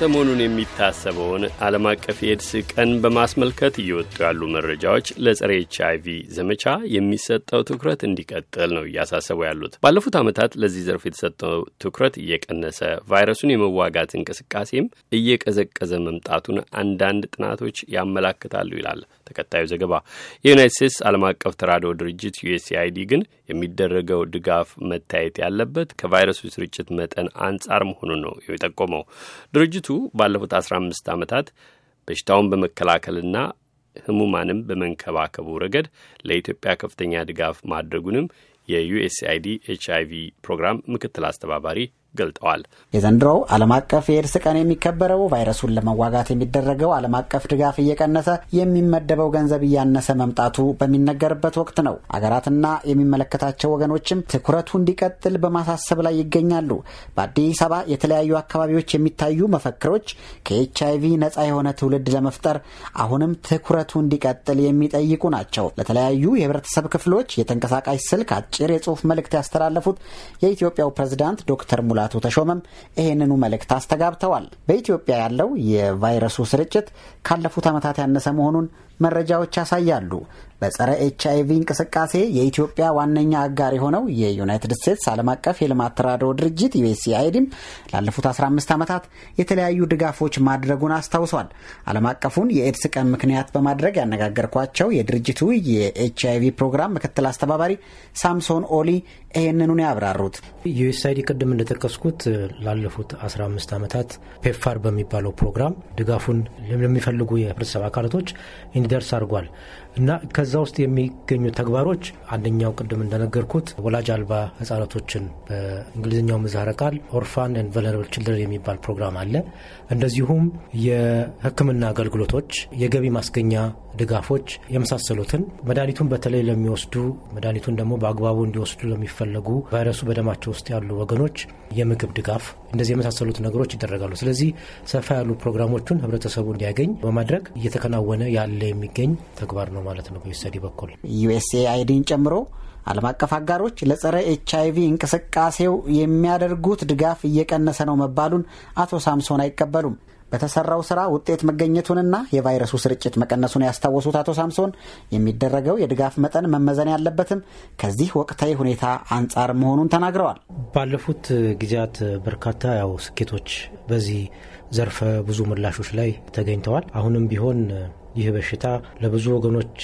ሰሞኑን የሚታሰበውን ዓለም አቀፍ የኤድስ ቀን በማስመልከት እየወጡ ያሉ መረጃዎች ለጸረ ኤች አይቪ ዘመቻ የሚሰጠው ትኩረት እንዲቀጥል ነው እያሳሰቡ ያሉት። ባለፉት ዓመታት ለዚህ ዘርፍ የተሰጠው ትኩረት እየቀነሰ ቫይረሱን የመዋጋት እንቅስቃሴም እየቀዘቀዘ መምጣቱን አንዳንድ ጥናቶች ያመላክታሉ ይላል ተከታዩ ዘገባ። የዩናይት ስቴትስ ዓለም አቀፍ ተራድኦ ድርጅት ዩኤስኤአይዲ ግን የሚደረገው ድጋፍ መታየት ያለበት ከቫይረሱ ስርጭት መጠን አንጻር መሆኑን ነው የጠቆመው። ድርጅቱ ድርጅቱ ባለፉት 15 ዓመታት በሽታውን በመከላከልና ህሙማንም በመንከባከቡ ረገድ ለኢትዮጵያ ከፍተኛ ድጋፍ ማድረጉንም የዩኤስአይዲ ኤች አይቪ ፕሮግራም ምክትል አስተባባሪ ገልጠዋል። የዘንድሮው ዓለም አቀፍ የኤድስ ቀን የሚከበረው ቫይረሱን ለመዋጋት የሚደረገው ዓለም አቀፍ ድጋፍ እየቀነሰ የሚመደበው ገንዘብ እያነሰ መምጣቱ በሚነገርበት ወቅት ነው። አገራትና የሚመለከታቸው ወገኖችም ትኩረቱ እንዲቀጥል በማሳሰብ ላይ ይገኛሉ። በአዲስ አበባ የተለያዩ አካባቢዎች የሚታዩ መፈክሮች ከኤች አይቪ ነጻ የሆነ ትውልድ ለመፍጠር አሁንም ትኩረቱ እንዲቀጥል የሚጠይቁ ናቸው። ለተለያዩ የህብረተሰብ ክፍሎች የተንቀሳቃሽ ስልክ አጭር የጽሁፍ መልእክት ያስተላለፉት የኢትዮጵያው ፕሬዝዳንት ዶክተር ሙላ አቶ ተሾመም ይህንኑ መልእክት አስተጋብተዋል። በኢትዮጵያ ያለው የቫይረሱ ስርጭት ካለፉት ዓመታት ያነሰ መሆኑን መረጃዎች ያሳያሉ። በጸረ ኤች አይቪ እንቅስቃሴ የኢትዮጵያ ዋነኛ አጋር የሆነው የዩናይትድ ስቴትስ ዓለም አቀፍ የልማት ተራድኦ ድርጅት ዩኤስኤአይዲም ላለፉት 15 ዓመታት የተለያዩ ድጋፎች ማድረጉን አስታውሷል። ዓለም አቀፉን የኤድስ ቀን ምክንያት በማድረግ ያነጋገርኳቸው የድርጅቱ የኤች አይቪ ፕሮግራም ምክትል አስተባባሪ ሳምሶን ኦሊ ይህንኑን ያብራሩት ዩኤስአይዲ ቅድም እንደጠቀስኩት ላለፉት 15 ዓመታት ፔፋር በሚባለው ፕሮግራም ድጋፉን ለሚፈልጉ የህብረተሰብ አካላቶች እንዲደርስ አድርጓል እና ከዛ ውስጥ የሚገኙ ተግባሮች አንደኛው ቅድም እንደነገርኩት ወላጅ አልባ ህጻናቶችን በእንግሊዝኛው ምህጻረ ቃል ኦርፋን ኤንድ ቨለረብል ችልድረን የሚባል ፕሮግራም አለ። እንደዚሁም የህክምና አገልግሎቶች፣ የገቢ ማስገኛ ድጋፎች የመሳሰሉትን መድኃኒቱን በተለይ ለሚወስዱ መድኃኒቱን ደግሞ በአግባቡ እንዲወስዱ ለሚፈለጉ ቫይረሱ በደማቸው ውስጥ ያሉ ወገኖች የምግብ ድጋፍ እንደዚህ የመሳሰሉት ነገሮች ይደረጋሉ። ስለዚህ ሰፋ ያሉ ፕሮግራሞቹን ህብረተሰቡ እንዲያገኝ በማድረግ እየተከናወነ ያለ የሚገኝ ተግባር ነው ማለት ነው። በዩኤስአይዲ በኩል አይዲን ጨምሮ ዓለም አቀፍ አጋሮች ለጸረ ኤች አይቪ እንቅስቃሴው የሚያደርጉት ድጋፍ እየቀነሰ ነው መባሉን አቶ ሳምሶን አይቀበሉም። በተሰራው ስራ ውጤት መገኘቱንና የቫይረሱ ስርጭት መቀነሱን ያስታወሱት አቶ ሳምሶን የሚደረገው የድጋፍ መጠን መመዘን ያለበትም ከዚህ ወቅታዊ ሁኔታ አንጻር መሆኑን ተናግረዋል። ባለፉት ጊዜያት በርካታ ያው ስኬቶች በዚህ ዘርፈ ብዙ ምላሾች ላይ ተገኝተዋል። አሁንም ቢሆን ይህ በሽታ ለብዙ ወገኖች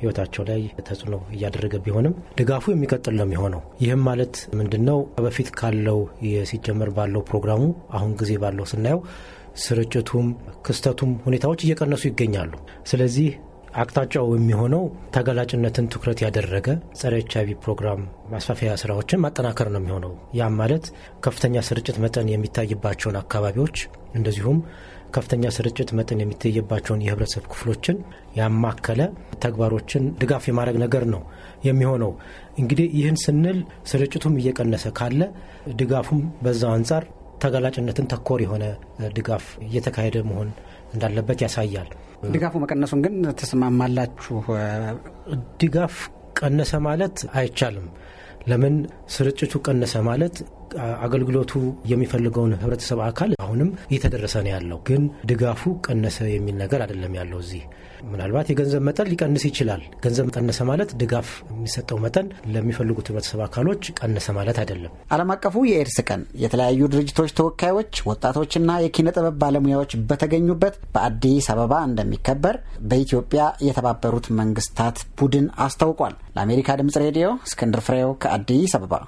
ህይወታቸው ላይ ተጽዕኖ እያደረገ ቢሆንም ድጋፉ የሚቀጥል ነው የሚሆነው። ይህም ማለት ምንድን ነው? በፊት ካለው ሲጀመር ባለው ፕሮግራሙ አሁን ጊዜ ባለው ስናየው ስርጭቱም፣ ክስተቱም፣ ሁኔታዎች እየቀነሱ ይገኛሉ። ስለዚህ አቅጣጫው የሚሆነው ተገላጭነትን ትኩረት ያደረገ ጸረ ኤች አይቪ ፕሮግራም ማስፋፊያ ስራዎችን ማጠናከር ነው የሚሆነው። ያም ማለት ከፍተኛ ስርጭት መጠን የሚታይባቸውን አካባቢዎች እንደዚሁም ከፍተኛ ስርጭት መጠን የሚታይባቸውን የህብረተሰብ ክፍሎችን ያማከለ ተግባሮችን ድጋፍ የማድረግ ነገር ነው የሚሆነው። እንግዲህ ይህን ስንል ስርጭቱም እየቀነሰ ካለ ድጋፉም በዛው አንጻር ተጋላጭነትን ተኮር የሆነ ድጋፍ እየተካሄደ መሆን እንዳለበት ያሳያል። ድጋፉ መቀነሱን ግን ተስማማላችሁ ድጋፍ ቀነሰ ማለት አይቻልም። ለምን ስርጭቱ ቀነሰ ማለት አገልግሎቱ የሚፈልገውን ህብረተሰብ አካል አሁንም እየተደረሰ ነው ያለው፣ ግን ድጋፉ ቀነሰ የሚል ነገር አይደለም ያለው። እዚህ ምናልባት የገንዘብ መጠን ሊቀንስ ይችላል። ገንዘብ ቀነሰ ማለት ድጋፍ የሚሰጠው መጠን ለሚፈልጉት ህብረተሰብ አካሎች ቀነሰ ማለት አይደለም። ዓለም አቀፉ የኤድስ ቀን የተለያዩ ድርጅቶች ተወካዮች፣ ወጣቶችና የኪነ ጥበብ ባለሙያዎች በተገኙበት በአዲስ አበባ እንደሚከበር በኢትዮጵያ የተባበሩት መንግስታት ቡድን አስታውቋል። ለአሜሪካ ድምጽ ሬዲዮ እስክንድር ፍሬው ከአዲስ አበባ